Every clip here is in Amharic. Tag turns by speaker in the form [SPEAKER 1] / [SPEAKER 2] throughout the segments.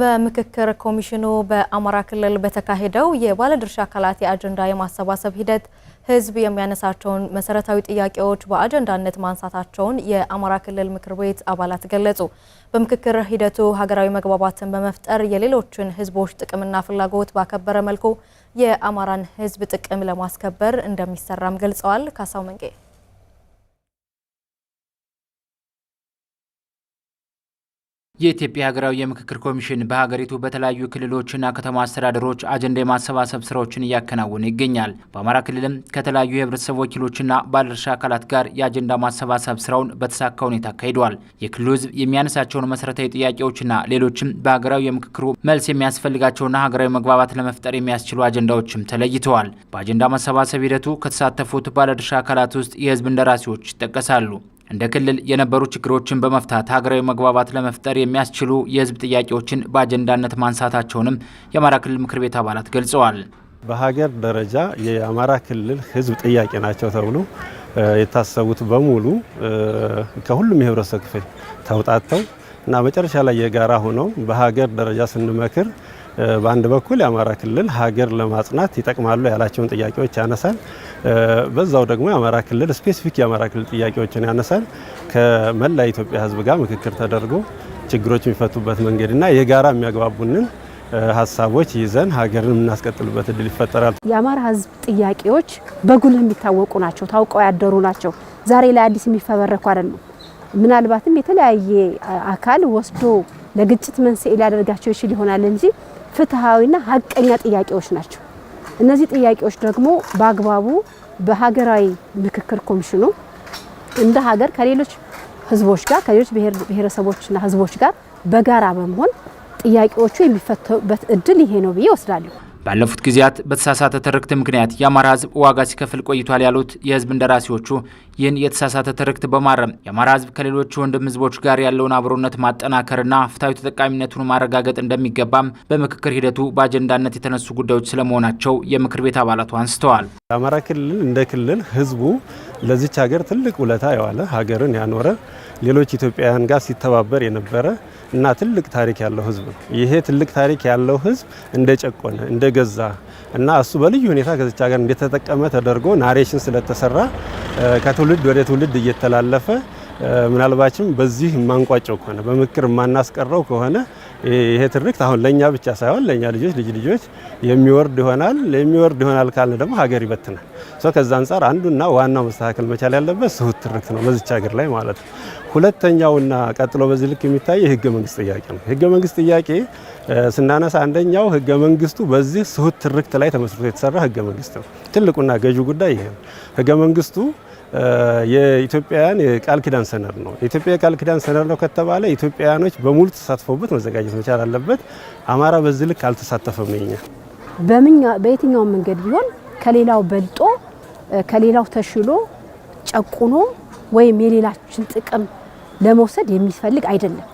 [SPEAKER 1] በምክክር ኮሚሽኑ በአማራ ክልል በተካሄደው የባለድርሻ አካላት የአጀንዳ የማሰባሰብ ሂደት ህዝብ የሚያነሳቸውን መሰረታዊ ጥያቄዎች በአጀንዳነት ማንሳታቸውን የአማራ ክልል ምክር ቤት አባላት ገለጹ። በምክክር ሂደቱ ሀገራዊ መግባባትን በመፍጠር የሌሎችን ህዝቦች ጥቅምና ፍላጎት ባከበረ መልኩ የአማራን ህዝብ ጥቅም ለማስከበር እንደሚሰራም ገልጸዋል። ካሳው መንቄ
[SPEAKER 2] የኢትዮጵያ ሀገራዊ የምክክር ኮሚሽን በሀገሪቱ በተለያዩ ክልሎችና ከተማ አስተዳደሮች አጀንዳ የማሰባሰብ ስራዎችን እያከናወነ ይገኛል። በአማራ ክልልም ከተለያዩ የህብረተሰብ ወኪሎችና ባለድርሻ አካላት ጋር የአጀንዳ ማሰባሰብ ስራውን በተሳካ ሁኔታ አካሂዷል። የክልሉ ህዝብ የሚያነሳቸውን መሰረታዊ ጥያቄዎችና ሌሎችም በሀገራዊ የምክክሩ መልስ የሚያስፈልጋቸውና ሀገራዊ መግባባት ለመፍጠር የሚያስችሉ አጀንዳዎችም ተለይተዋል። በአጀንዳ ማሰባሰብ ሂደቱ ከተሳተፉት ባለድርሻ አካላት ውስጥ የህዝብ እንደራሴዎች ይጠቀሳሉ። እንደ ክልል የነበሩ ችግሮችን በመፍታት ሀገራዊ መግባባት ለመፍጠር የሚያስችሉ የህዝብ ጥያቄዎችን በአጀንዳነት ማንሳታቸውንም የአማራ ክልል ምክር ቤት አባላት ገልጸዋል።
[SPEAKER 3] በሀገር ደረጃ የአማራ ክልል ህዝብ ጥያቄ ናቸው ተብሎ የታሰቡት በሙሉ ከሁሉም የህብረተሰብ ክፍል ተውጣተው እና መጨረሻ ላይ የጋራ ሆነው በሀገር ደረጃ ስንመክር በአንድ በኩል የአማራ ክልል ሀገር ለማጽናት ይጠቅማሉ ያላቸውን ጥያቄዎች ያነሳል። በዛው ደግሞ የአማራ ክልል ስፔሲፊክ የአማራ ክልል ጥያቄዎችን ያነሳል። ከመላ ኢትዮጵያ ሕዝብ ጋር ምክክር ተደርጎ ችግሮች የሚፈቱበት መንገድና የጋራ የሚያግባቡንን ሀሳቦች ይዘን ሀገርን የምናስቀጥልበት እድል ይፈጠራል።
[SPEAKER 4] የአማራ ህዝብ ጥያቄዎች በጉልህ የሚታወቁ ናቸው፣ ታውቀው ያደሩ ናቸው። ዛሬ ላይ አዲስ የሚፈበረኩ አይደለም። ምናልባትም የተለያየ አካል ወስዶ ለግጭት መንስኤ ሊያደርጋቸው ይችል ይሆናል እንጂ ፍትሐዊና ሀቀኛ ጥያቄዎች ናቸው። እነዚህ ጥያቄዎች ደግሞ በአግባቡ በሀገራዊ ምክክር ኮሚሽኑ እንደ ሀገር ከሌሎች ህዝቦች ጋር ከሌሎች ብሔረሰቦችና ህዝቦች ጋር በጋራ በመሆን ጥያቄዎቹ የሚፈተበት እድል ይሄ ነው ብዬ ወስዳለሁ።
[SPEAKER 2] ባለፉት ጊዜያት በተሳሳተ ትርክት ምክንያት የአማራ ህዝብ ዋጋ ሲከፍል ቆይቷል ያሉት የህዝብ እንደራሴዎቹ ይህን የተሳሳተ ትርክት በማረም የአማራ ህዝብ ከሌሎች ወንድም ህዝቦች ጋር ያለውን አብሮነት ማጠናከርና ፍትሐዊ ተጠቃሚነቱን ማረጋገጥ እንደሚገባም በምክክር ሂደቱ በአጀንዳነት የተነሱ ጉዳዮች ስለመሆናቸው የምክር ቤት አባላቱ አንስተዋል።
[SPEAKER 3] አማራ ክልል እንደ ክልል ህዝቡ ለዚች ሀገር ትልቅ ውለታ የዋለ ሀገርን ያኖረ ሌሎች ኢትዮጵያውያን ጋር ሲተባበር የነበረ እና ትልቅ ታሪክ ያለው ህዝብ ነው። ይሄ ትልቅ ታሪክ ያለው ህዝብ እንደ ጨቆነ እንደ ገዛ እና እሱ በልዩ ሁኔታ ከዚች ሀገር እንደተጠቀመ ተደርጎ ናሬሽን ስለተሰራ ከትውልድ ወደ ትውልድ እየተላለፈ ምናልባችም በዚህ የማንቋጨው ከሆነ በምክር የማናስቀረው ከሆነ ይሄ ትርክት አሁን ለእኛ ብቻ ሳይሆን ለእኛ ልጆች ልጅ ልጆች የሚወርድ ይሆናል። የሚወርድ ይሆናል ካልን ደግሞ ሀገር ይበትናል። ከዛ አንጻር አንዱና ዋናው መስተካከል መቻል ያለበት ስሁት ትርክት ነው በዚች ሀገር ላይ ማለት ነው። ሁለተኛውና ቀጥሎ በዚህ ልክ የሚታየ የህገ መንግስት ጥያቄ ነው። ህገ መንግስት ጥያቄ ስናነሳ አንደኛው ህገ መንግስቱ በዚህ ስሁት ትርክት ላይ ተመስርቶ የተሰራ ህገ መንግስት ነው። ትልቁና ገዢው ጉዳይ ይሄ ነው። ህገ መንግስቱ የኢትዮጵያውያን የቃል ኪዳን ሰነድ ነው። የኢትዮጵያ የቃል ኪዳን ሰነድ ነው ከተባለ ኢትዮጵያውያኖች በሙሉ ተሳትፈውበት መዘጋጀት መቻል አለበት። አማራ በዚህ ልክ አልተሳተፈም። ነኛ
[SPEAKER 4] በምኛ በየትኛው መንገድ ቢሆን ከሌላው በልጦ ከሌላው ተሽሎ ጨቁኖ ወይም የሌላችን ጥቅም ለመውሰድ የሚፈልግ አይደለም።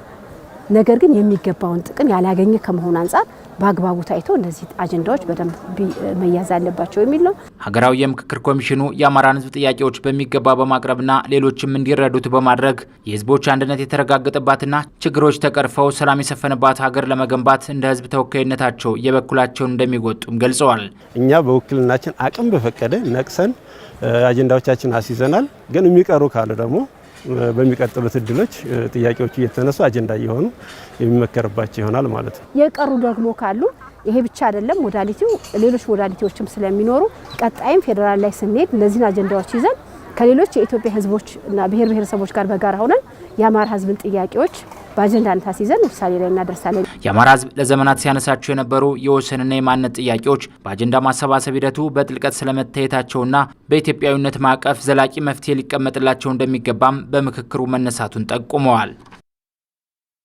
[SPEAKER 4] ነገር ግን የሚገባውን ጥቅም ያላገኘ ከመሆን አንጻር በአግባቡ ታይቶ እነዚህ አጀንዳዎች በደንብ መያዝ አለባቸው የሚል ነው።
[SPEAKER 2] ሀገራዊ የምክክር ኮሚሽኑ የአማራን ሕዝብ ጥያቄዎች በሚገባ በማቅረብና ሌሎችም እንዲረዱት በማድረግ የሕዝቦች አንድነት የተረጋገጠባትና ችግሮች ተቀርፈው ሰላም የሰፈነባት ሀገር ለመገንባት እንደ ሕዝብ ተወካይነታቸው የበኩላቸውን እንደሚወጡም ገልጸዋል።
[SPEAKER 3] እኛ በውክልናችን አቅም በፈቀደ ነቅሰን አጀንዳዎቻችን አስይዘናል። ግን የሚቀሩ ካሉ ደግሞ በሚቀጥሉት እድሎች ጥያቄዎቹ እየተነሱ አጀንዳ እየሆኑ የሚመከርባቸው ይሆናል ማለት ነው።
[SPEAKER 4] የቀሩ ደግሞ ካሉ ይሄ ብቻ አይደለም ሞዳሊቲው፣ ሌሎች ሞዳሊቲዎችም ስለሚኖሩ ቀጣይም ፌዴራል ላይ ስንሄድ እነዚህን አጀንዳዎች ይዘን ከሌሎች የኢትዮጵያ ሕዝቦች እና ብሔር ብሔረሰቦች ጋር በጋራ ሆነን የአማራ ሕዝብን ጥያቄዎች በአጀንዳ ታስይዘን ውሳኔ ላይ እናደርሳለን።
[SPEAKER 2] የአማራ ሕዝብ ለዘመናት ሲያነሳቸው የነበሩ የወሰንና የማንነት ጥያቄዎች በአጀንዳ ማሰባሰብ ሂደቱ በጥልቀት ስለመታየታቸውና በኢትዮጵያዊነት ማዕቀፍ ዘላቂ መፍትሄ ሊቀመጥላቸው እንደሚገባም በምክክሩ መነሳቱን ጠቁመዋል።